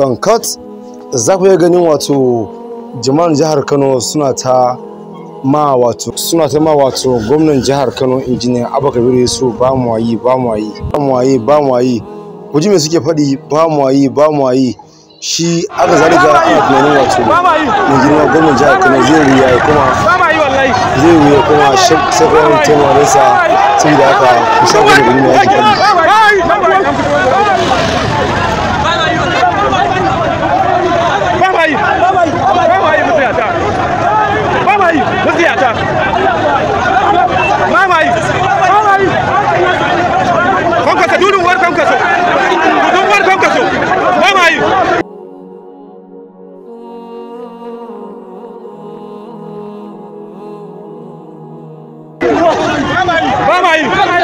kankat za ku iya ganin wato jama'an jihar kano suna ta ma wato suna ta ma wato gwamnan jihar kano injiniya abubakar su ba mu wayi ba mu yi ba mu wayi ba mu yi ku ji me suke faɗi ba mu yi ba mu yi shi aka zalika a tunanin wato mai girma gwamnan jihar kano zai wuya kuma zai wuya kuma sai kuma taimakonsa saboda haka ku sa ku da gani ma yake faɗi a ta war war